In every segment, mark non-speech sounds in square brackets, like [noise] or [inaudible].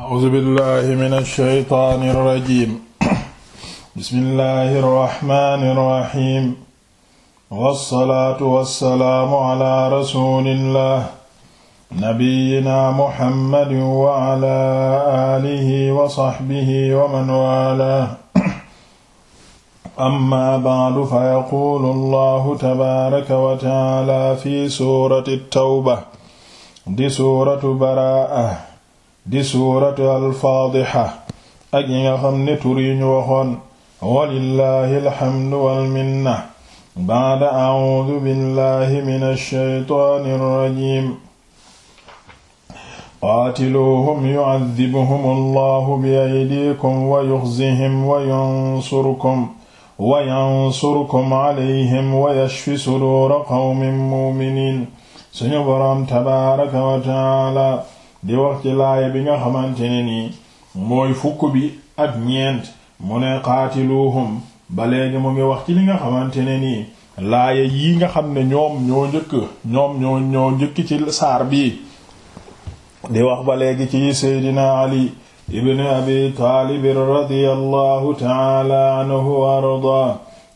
أعوذ بالله من الشيطان الرجيم بسم الله الرحمن الرحيم والصلاة والسلام على رسول الله نبينا محمد وعلى آله وصحبه ومن والاه أما بعد فيقول الله تبارك وتعالى في سورة التوبة دي سورة براءة di suuratu alfaadixa ak yi nga xam ne tur yi ñu waxoon walillahi alhamdu walminna baada audu billahi min alsheytaani alrajim qaatiluuhum yucadibuhum allahu bi aydiikum wa yuxzihim wa yansurkum wa yansurkum calayhim wa yashfi suduura qawmin muuminiin suñu boroom tabaaraka wa tacaala di wax ci laaya bi nga xamante ne nii mooy fukk bi ak ñeent mu ne qaatiluhum ba léegi mu ngi wax ci li nga xamante ne nii laaya yi nga xam ne ñoom ñoo njëkk ñoom ñoo njëkk ci saar bi di wax ba léegi ci seydina ali ibn abi taalib radiyallahu taala anhu wa arda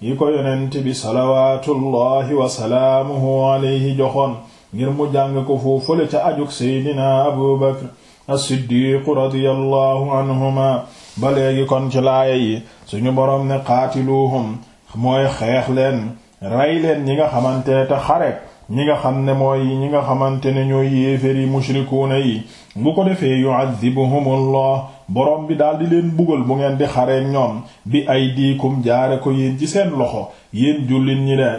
yi ko yonent bi salawaatullahi wa salaamuhu alayhi joxoon ngir mu jàng ko foofale ca ajug seydina abu bakr as-siddiqu radiyallahu anhuma ba léegi kon ci laaya yi suñu boroom ne qaatiluhum mooy xeex leen rey leen ñi nga xamante te xare ñi nga xam ne mooy ñi nga xamante ne ñooy yéefér yi mushrikuuna yi bu ko defee yu'adhibuhumullah boroom bi daal di leen bugal bu ngeen di xareek ñoom bi ay diikum jaare ko yéen ci seen loxo yéen jullit ñi de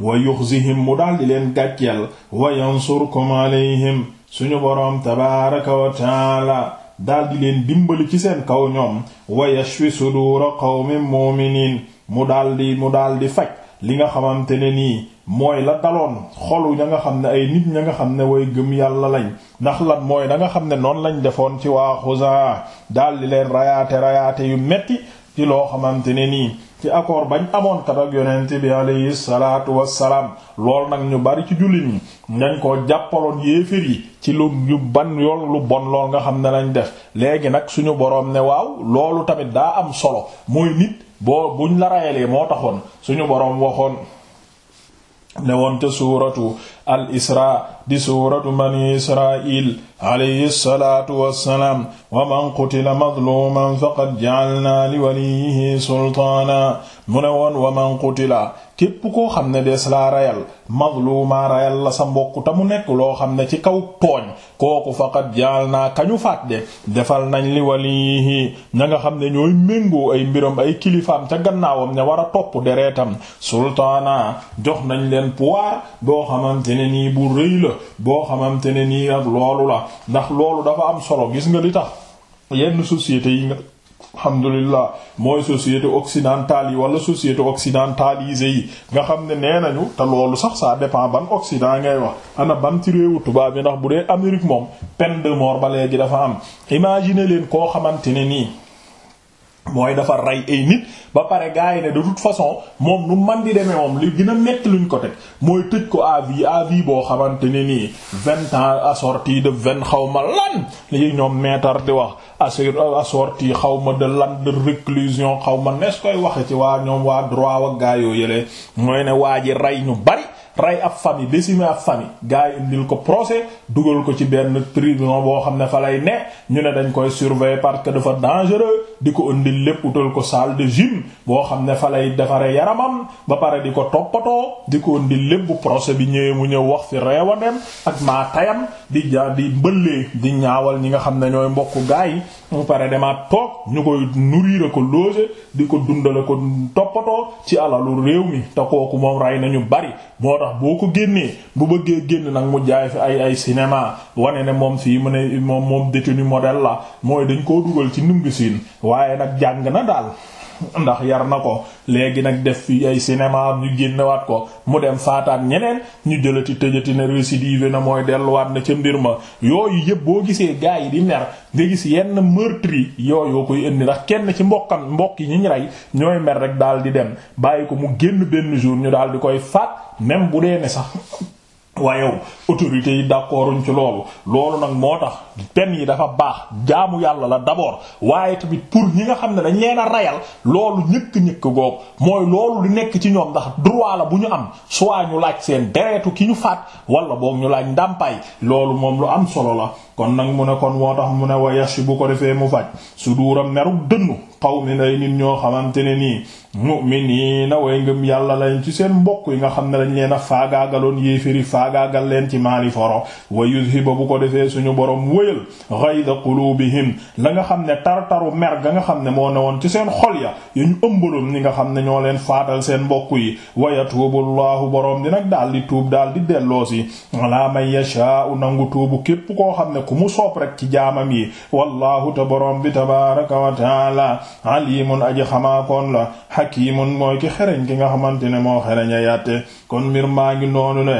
wa yuxzihim mu daal di leen gàcceel wa yi alayhim suñu boroom tabaaraka wa taala daal di leen dimbali ci seen kaw ñoom wa yashwi suduura qawmin mu'miniin mu daal di mu daal di faj li nga xamante ne nii mooy la daloon xolu ña nga xam ne ay nit ña nga xam ne way gëm yàlla lañ ndax lan mooy da nga xam ne noonu lañ defoon ci waa Xusaa daal di leen rayaate rayaate yu metti ci loo xamante ne nii ci accord bañ amoon kat ak yonent bi alayhi salaatu wassalaam lool nag ñu bari ci jullit ñi dañ koo jàppaloon yéeféer yi ci lu ñu ban yoon lu bon lool nga xam ne lañ def léegi nag suñu boroom ne waaw loolu tamit daa am solo mooy nit boo buñ la rayalee moo taxoon suñu boroom waxoon ne woon te suuratu al isra di suuratu bani israil alayhi salaatu wassalaam wa man qutila madluman faqad ja'alna li waliyihi sultaana mu ne woon wa man qutila képp koo xam ne dees laa rayal mazluma rayal la sa mbokk ta mu nekk loo xam ne ci kaw tooñ kooku fa faqat jaal naa kañu faat defal nañ li walihi ña nga xam ne ñooy méngoo ay mbiram ay kilifaam ca gannaawam ne war a topp dereetam sultaana jox nañ leen pouvoir boo xamante ne nii bu rëy la boo xamante ne nii ak loolu la ndax loolu dafa am solo gis nga li tax yenn société yi nga alhamdulillah mooy société occidentale yi wala société occidentalisée yi nga xam ne nee nañu te loolu sax ça dépend ban occident ngay wax ana ban ci réewu tubaab yi ndax bu dee Amérique moom peine de mort ba léegi dafa am imagine leen koo xamante ne nii mooy defar rey ay nit ba pare gars yi ne de toute façon moom nu man di demee moom li dina a métti luñ ko teg mooy tëj ko à vie à vie boo xamante ne nii vingt ans assorti de vingt xaw ma lan li ñoom meetar di wax assorti xaw ma de lan de réclusion xaw ma nees koy waxe ci waa ñoom waa droit wa gaa yoo yëlee mooy ne waa ji rey ñu bari rey ab famille décimé ab famille gars yi indil ko procès dugal ko ci benn tribunal boo xam ne fa lay ne ñu ne dañ koy surveiller parce que dafa dangereux di ko ëndil lépp utal ko salle de gym boo xam ne fa lay defare yaramam ba pare di ko toppatoo di ko indi lépp bu procès bi ñëwee mu ñëw wax fi reewa dem ak maa tayam di ja di mbëllee di ñaawal ñi nga xam ne ñooy mbokk gaa mu pare demaat toog ñu koy nourrir ko loger di ko dundale ko toppatoo ci alalu réew mi te kooku moom rey ñu bari moo tax boo ko génnee bu bëggee génn nag mu jaay fi ay ay cinéma wane ne moom fii mu ne moom moom détenu modèle la mooy dañ koo dugal ci numbi waaye nag jàng na daal ndax yar na ko léegi nag def fi ay cinéma ñu génnewaat ko mu dem faataat ñeneen ñu jëlati tëjati na récidive na mooy delluwaat na ca mbir ma yooyu yëpp boo gisee gaa yi di mer nga gis yenn meurtri yooyu koy indi ndax kenn ci mbokkam mbokk yi ñu ñu rey ñooy mer rek daal di dem bàyyi ko mu génn benn jour ñu daal di koy faat même bu dee ne sax wayow autorités yi d'accorduñ ci loolu loolu nag moo tax pen yi dafa baax jaamu yàlla la d'abord waaye tamit pour ñi nga xam ne dañ leen a rayal loolu ñëkk-ñëkk googu mooy loolu di nekk ci ñoom ndax droit la bu ñu am soit ñu laaj seen deretu ki ñu faat wala boog ñu laaj ndàmpaay loolu moom lu am solo la kon nag mu ne kon woo tax mu ne wa yash bu ko defee mu faj suduuram meruk dënnu qawmin ay ñoo xamante ne nii mu'miniina way ngëm yàlla lañ ci seen mbokk yi nga xam ne dañ leen a faagaagaloon yéeféri faagaagal leen ci maali foro wa yuzhiba bu ko defee suñu borom wëyal ghayda qulubihim la nga xam ne tartaru mer ga nga xam ne moo newoon ci seen xol ya yu ñu ëmbaloon ñi nga xam ne ñoo leen faatal seen mbokk yi wa yatuubullahu borom di nag daal di tuub daal di delloosi ala man yashaa'u nangu tuubu képp koo xam ne ku mu soob rek ci jaamam yi wallahu te borom bi tabaraka wa taala alimun aji xamaakoon la hakimun mooy ki xereñ ki nga xamante ne moo xereñ yatte kon mbir maa ngi noonu ne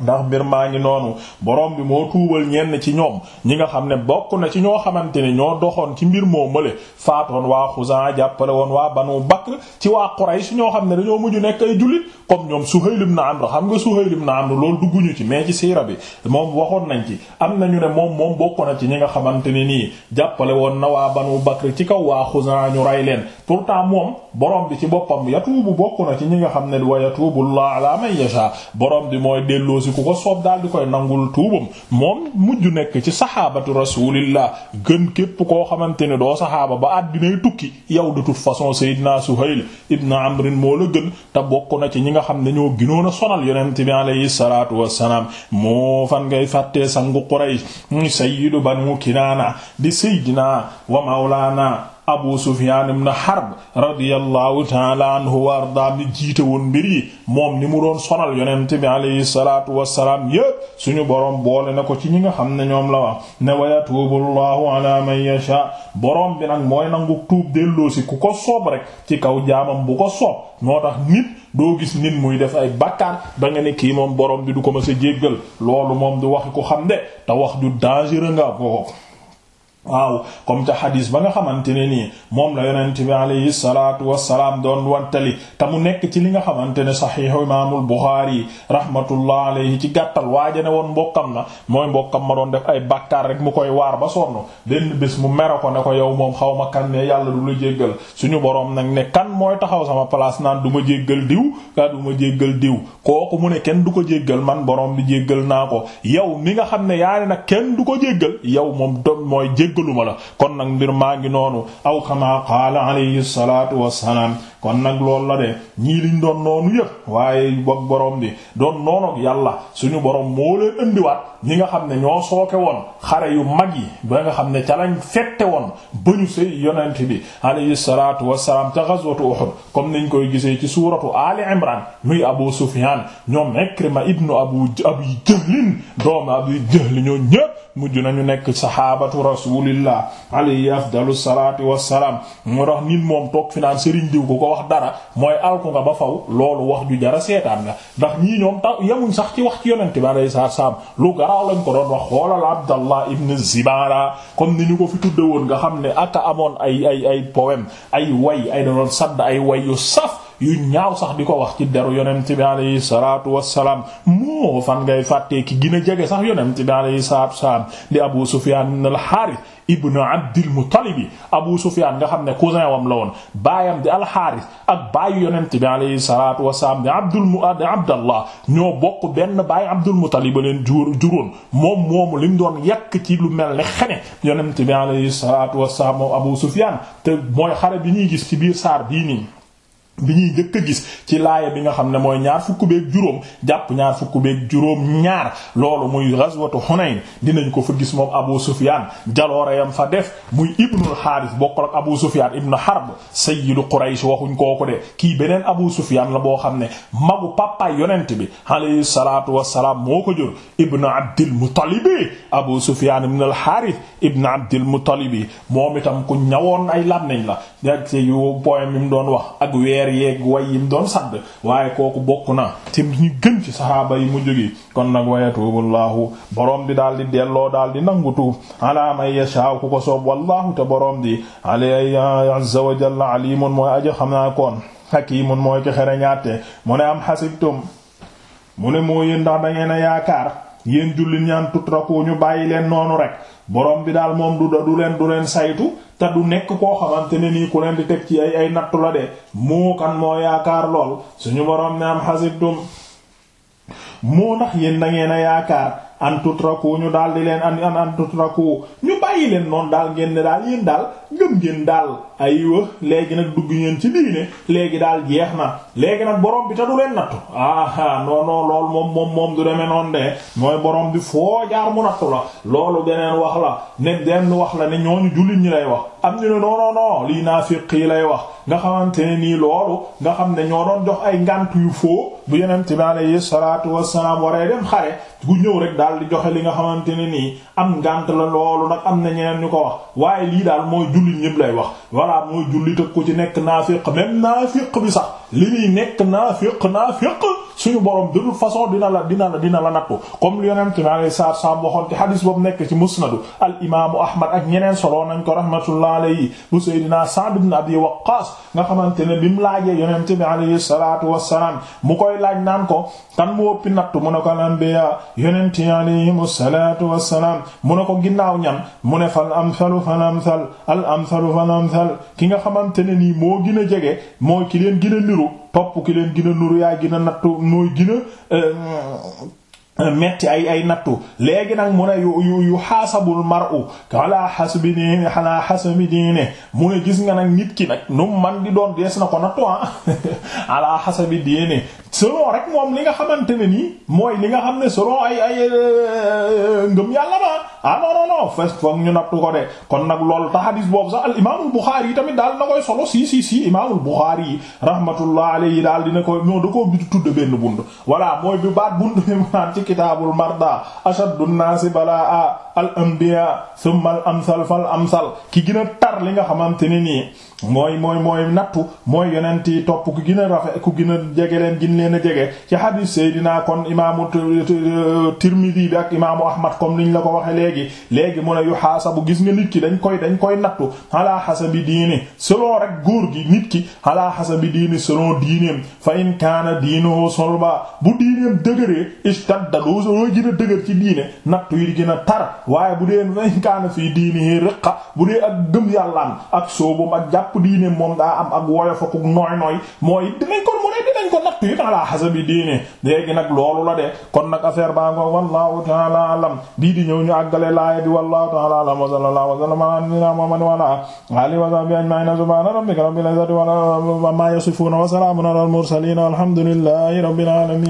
ndax mbir maa ngi noonu borom bi moo tuubal ñenn ci ñoom ñi nga xam ne bokk na ci ñoo xamante ne ñoo doxoon ci mbir moo male faatoon waa Xuzaa jàppale woon waa Banu Bakr ci waa Quraysh ñoo xam ne dañoo mujj nekk ay jullit comme ñoom Suhayl ibn Amr xam nga Suhayl ibn Amr loolu dugguñu ci mais ci bi moom waxoon nañ ci am nañu ne moom moom bokk na ci ñi nga xamante ne nii jàppale woon na waa Banu Bakr ci kaw waa Xuzaa ñu rey leen pourtant moom borom bi ci boppam yatuubu bokk na ci ñi nga xam ne wa yatuubu Allahu ala man yasha borom bi mooy delloo aussi ku ko soob daal di koy nangul tuubam moom mujj nekk ci saxaabatu rasulillah gën képp koo xamante ne doo saxaaba ba àddinay tukki yow de toute façon Seydina Suhayl ibn Amr moo la gën te bokk na ci ñi nga xam ne ñoo ginoon a sonal yonent bi alayhi salaatu wassalaam moo fan ngay fàttee sangu Quraysh sayyidu banu Kinaana di Seydina wa mawlaana Abu Sufyan na Harb radiyallahu taala anhu wa arda mi jiite woon mbir yi moom ni mu doon sonal yonent bi alayhi salaatu wassalaam yépp suñu boroom boole na ko ci ñi nga xam ne ñoom la wax ne wa yatuubu llahu ala man yasha boroom bi nag mooy nangu tuub delloosi ku ko soob rek ci kaw jaamam bu ko soob moo tax nit doo gis nit muy def ay bakkaar ba nga ne kii moom boroom bi du ko ma sa jéggal loolu moom du waxi ko xam de te wax ju dangereux nga ko waaw comme ca xadiis ba nga xamante ne nii moom la yonent bi alayhi salaatu wassalaam doon wantali te mu nekk ci li nga xamante ne saxiixu imaamul Buxaari rahmatullah alayhi ci gàttal waaja ne woon mbokkam na mooy mbokkam ma doon def ay bàkkaar rek mu koy waar ba sonn benn bés mu mere ko ne ko yow moom xaw ma kan ne yàlla du la jéggal suñu boroom nag ne kan mooy taxaw sama place naan du ma jéggal diw ka du ma jéggal diw kooku mu ne kenn du ko jéggal man boroom bi jéggal naa ko yow mi nga xam ne yaa nag kenn du ko jéggal yow moom do mooy jégg jéggaluma la kon nag mbir maa ngi noonu aw kama qaala alayhi salaatu wassalaam kon nag loolu la de ñii liñ doon noonu yëpp waaye bokk borom bi doon noonu ak yàlla suñu borom moo leen indiwaat ñi nga xam ne ñoo sooke woon xare yu mag yi ba nga xam ne ca lañ fette woon ba ñu yonent bi alayhi salaatu wassalaam ca ghazwatu Uhud comme niñ koy gisee ci suuratu Ali Imran muy Abu Sufyaan ñoom Ikrima ibnu Abu Abi Jahlin doomu Abi Jahl ñoo ñëpp mujj nañu nekk sahabatu rasulillah alayhi afdalu salaatu wassalaam moo tax nit moom toog fi naan sëriñ diw ko ko wax dara mooy alku nga ba faw loolu wax ju jara seetaan nga ndax ñii ñoom taw yemuñ sax ci wax ci yonent bi alayhi salaam lu gara Bilal lañ ko doon wax xoolal Abdallah ibn Zibara comme ni ñu ko fi tudde woon nga xam ne aka amoon ay ay ay ay way ay da doon sadd ay way yu saf yu ñaaw sax di ko wax ci deru yonent bi alayhi salaatu wassalaam moo fan ngay fàttee ki gën jege sax yonent bi alayhi salaatu wassalaam di Abu Sufyaan ibn al-Haaris ibn Abdil Muttalibi Abu Sufyaan nga xam ne cousin wam la woon baayam di al-Haaris ak baayu yonent bi alayhi salaatu wassalaam di Abdul Muad Abdallah ñoo bokk benn baay Abdul Muttalib ba leen jur juróon moom moomu lim doon yàq ci lu mel ne xene yonent bi Abu Sufyaan te mooy xare bi ñuy gis ci biir saar bii nii bi ñuy njëkk a gis ci laaya bi nga xam ne mooy ñaar fukk beeg juróom jàpp ñaar fukk beeg juróom ñaar loolu muy ghazwatu Hunayn dinañ ko fa gis moom Abu Sufyan jaloore yam fa def muy Ibnul Harith bokkal ak Abu Sufyan Ibn Harb sayyidu Quraysh waxuñ kooku kii beneen Abu Sufyan la boo xam ne magu papaay yonent bi alayhi salaatu wassalaam moo ko jur Ibn Abdil Muttalib Abu Sufyan Ibnul Harith Ibn Abdil Muttalib moom itam ko ñawoon ay lam nañ la ak yu poème mu doon wax ak weer xeer yeeg way yim doon sadd waaye kooku bokk na ci ñu gën ci saxaaba yi mu jógee kon nag wayatuubullahu borom bi daal di delloo daal di nangu tuub ala man ku ko soob wallahu te borom di alay azza wa jalla alimun mooy aja xam naa koon hakimun mooy ki xereñaate mu ne am hasibtum mu ne moo yéen ndax da ngeen a yaakaar yéen jullit ñaan tutraku ñu bàyyi leen noonu rek borom bi daal moom du du leen du leen saytu te du nekk koo xamante ne nii ku leen di teg ci ay ay nattu la de moo moo yaakaar lool suñu boroom ne am xasibtum moo ndax yéen da ngeen a yaakaar an tutraku ñu daal di leen an an an tutraku ñu bàyyi leen noonu daal ngeen ne daal yéen daal gëm ngeen daal aywa léegi nag dugg ngeen ci diine léegi daal jeex na léegi nag borom bi te du leen nattu ah non non moom moom moom du demee noonu de mooy boroom bi foo jaar mu nattu la loolu beneen wax la ne benn wax la ne ñooñu jullit ñi lay wax am ñu ne non non non lii naafiq yi lay wax nga xamante ne nii loolu nga xam ne ñoo doon jox ay ngànt yu foo bu yeneen bi alayhi salaatu wassalaam waree dem xare gu ñëw daal di joxe li nga xamante ne nii am ngànt la loolu nag am na ñeneen ñu ko wax waaye lii daal mooy jullit ñëpp lay wax voilà mooy jullit ak ko ci nekk naa naafiq naa naafiq bi sax li muy nekk naafiq naafiq suñu borom de toute façon dina la dina la dina la nattu comme li yonent mi alayhi salaatu salaam waxoon ci xadis boobu nekk ci musnadu al imaamu ahmad ak ñeneen solo nañ ko rahmatullah alayhi bu seydina Sa'd ibn Abi Waqqaas nga xamante ne bi mu laajee yonent bi alayhi salaatu wassalaam mu koy laaj naan ko kan mu ëppi nattu mu ne ko anbiya yonent yi alayhimu salaatu wassalaam mu ne ko ginnaaw ñan mu ne fal amsalu fal amsal al amsalu fal amsal ki nga xamante ne nii moo gën a jege mooy ki leen gën a niru topp ki leen gën a nuru yaa gën nattu mooy gën euh, metti ay ay nattu léegi nag mu ne yu yu yu xaasabul mar'u ala xasbi diine ala xasbi diine mu gis nga nag nit ki nag nu man di doon dees na ko nattu ah [laughs] ala xasbi diine selon rek moom li nga xamante ne nii mooy li nga xam ne selon ay ay euh, ngëm yàlla ah non non foog ñu nattu ko de kon nag lool ta hadis boobu sax al imaamul Buxaari tamit daal na koy solo si si si imaamul Buxaari yi rahmatullah alayhi daal dina koy ñoo da koo bitu tudd benn bund voilà mooy bi baat bund mi mu naan ci kitaabul marda ashaddu nnaasi balaa al anbiya thumma al amsal fal amsal ki gën tar li nga xamante ne nii mooy mooy mooy nattu mooy yonent yi topp ku gën a ku gën a jege leen gin leen a jege ci hadith Seydina kon imaamu Tirmidhi bi ak imaamu Ahmad comme niñ la ko waxe léegi léegi mu ne yu xaasabu gis nga nit ki dañ koy dañ koy nattu ala hasabi diini selon rek góor gi nit ki ala hasabi diini selon diineem fa in kaana diinuhu solba bu diineem dëgëree istadda doo loo gën dëgër ci diine nattu yi gën a tar waaye bu dee fa in kaana fii diinihi riqqa bu dee ak gëm yàllaam ak soobum jàpp diine moom daa am ak woyof ak nooy nooy mooy dinañ ko mu ne dinañ ko nattu it ala hasabi diine léegi nag loolu la de kon nag affaire baa ngo wallahu ta'ala alam bii di ñëw ñu àggale laaya bi wallahu ta'ala alam wa sallallahu wa sallam ala nabiyyina muhammad wa ala alihi wa sahbihi ajma'in subhana rabbika rabbil izzati wa ma yasifun wa salamun ala al mursalin walhamdulillahi rabbil alamin